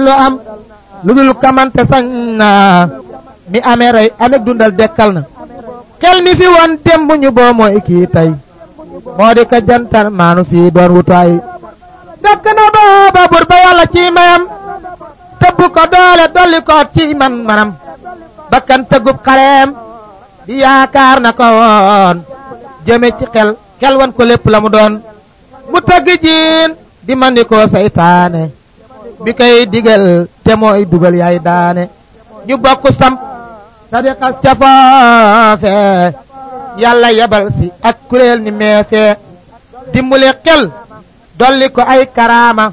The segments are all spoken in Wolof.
loo am lu dul kamante sañ naa mi amee rey amee dundal dekkal na xel mi fi woon dem bu ñu boo mooy moo di ko maanu fii doon wutaay dakk na booba bur ba ci mayam tëbb ko doole dolli ko ci man manam bakkan tëggub xareem di yaakaar na ko woon jëme ci xel xel wan ko lépp la mu doon mu tëgg jiin di mandikoo saytaane bi koy digal te mooy dugal yaay daane ñu bokk samp sadiqas ca foofe yàlla yebal si ak kuréel ni meefee dimbali xel dolli ko ay karaama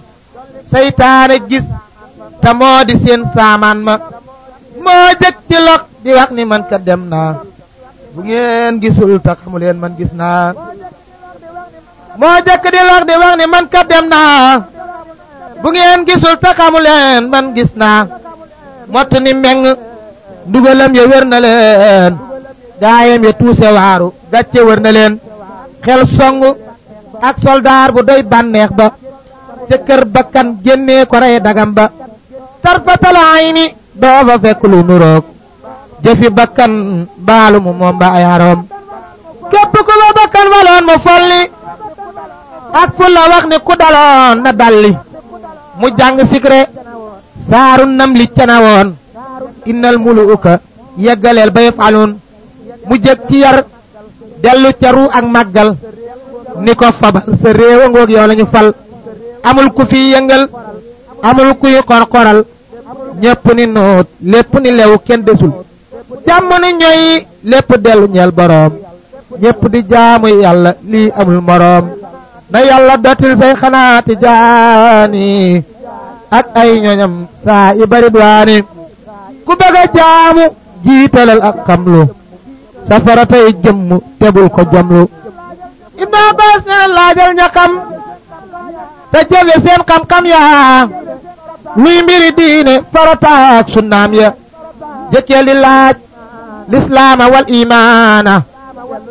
seytaane gis te moo di seen saamaan ma moo jëkk ci lok di wax ni man ka dem naa bu ngeen gisul ta xamuleen man gis naa moo jëkk di lok di wax ni man ka dem naa bu ngeen gisul takamu leen man gis naa mott ni meng ndugalam ya wér na leen gaayam ya tuuse waaru gàcce wër na leen xel song ak soldaar bu doy bànneex ba ca kër bakkan génnee ko dagam ba tarfatalaay ni doo fa fekk lu nuroog jëfi bakkan baalu moom ba ay haroom képp ku la bakkan waloon mu folli ak fu wax ni ku daloon na dalli mu jàng sikre saaru nam li canawoon innal mulu uka yeggaleel ba yafaluun mu jëg ci yar dellu ca ru ak màggal ni ko fabal sa réew a ngoog yow lañu fal amul ku fi yëngal amul kuy xorxoral ñépp ni noot lépp ni lew kenn desul jamono ñooy lépp dellu ñeel boroom ñépp di jaamu yàlla lii amul moroom na yàlla dottil say xanaati jaani ak ay ñoñam saa yi ku bëgg a jaamu jiitalal ak xamlu safara tey jëmm tebul ko jamlu Ibn Abbas nee na laajal ña xam te jëfe seen xam-xam yaa luy mbiri diine farata sunnaam ya jëkkeel di laaj lislaama wal imaana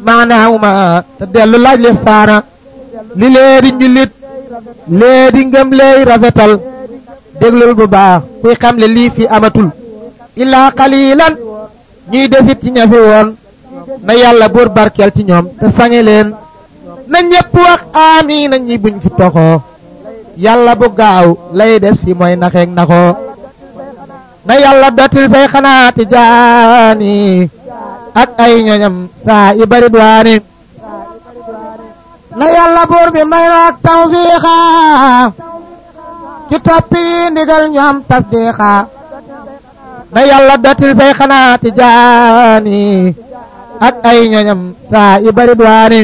maanaawuma te dellu laaj lisaana li lee di njullit lee di rafetal déglul bu baax kuy xamle lii fi amatul illaa xaliilan ñuy desit ci ña fi woon na yàlla buur barkeel ci ñoom te sange leen na ñépp wax amiin ñi buñ fi toxoo yàlla bu gaaw lay des fi mooy naxeek naxoo na yàlla dottil say xanaati jaani ak ay ñoñam saa i bari duwaani na yàlla buur bi may na ak tawfiixa ci toppi ndigal ñoom tasdiqa na yàlla dootil fay xanaa ti jaani ak ay ñoñam saa yu bari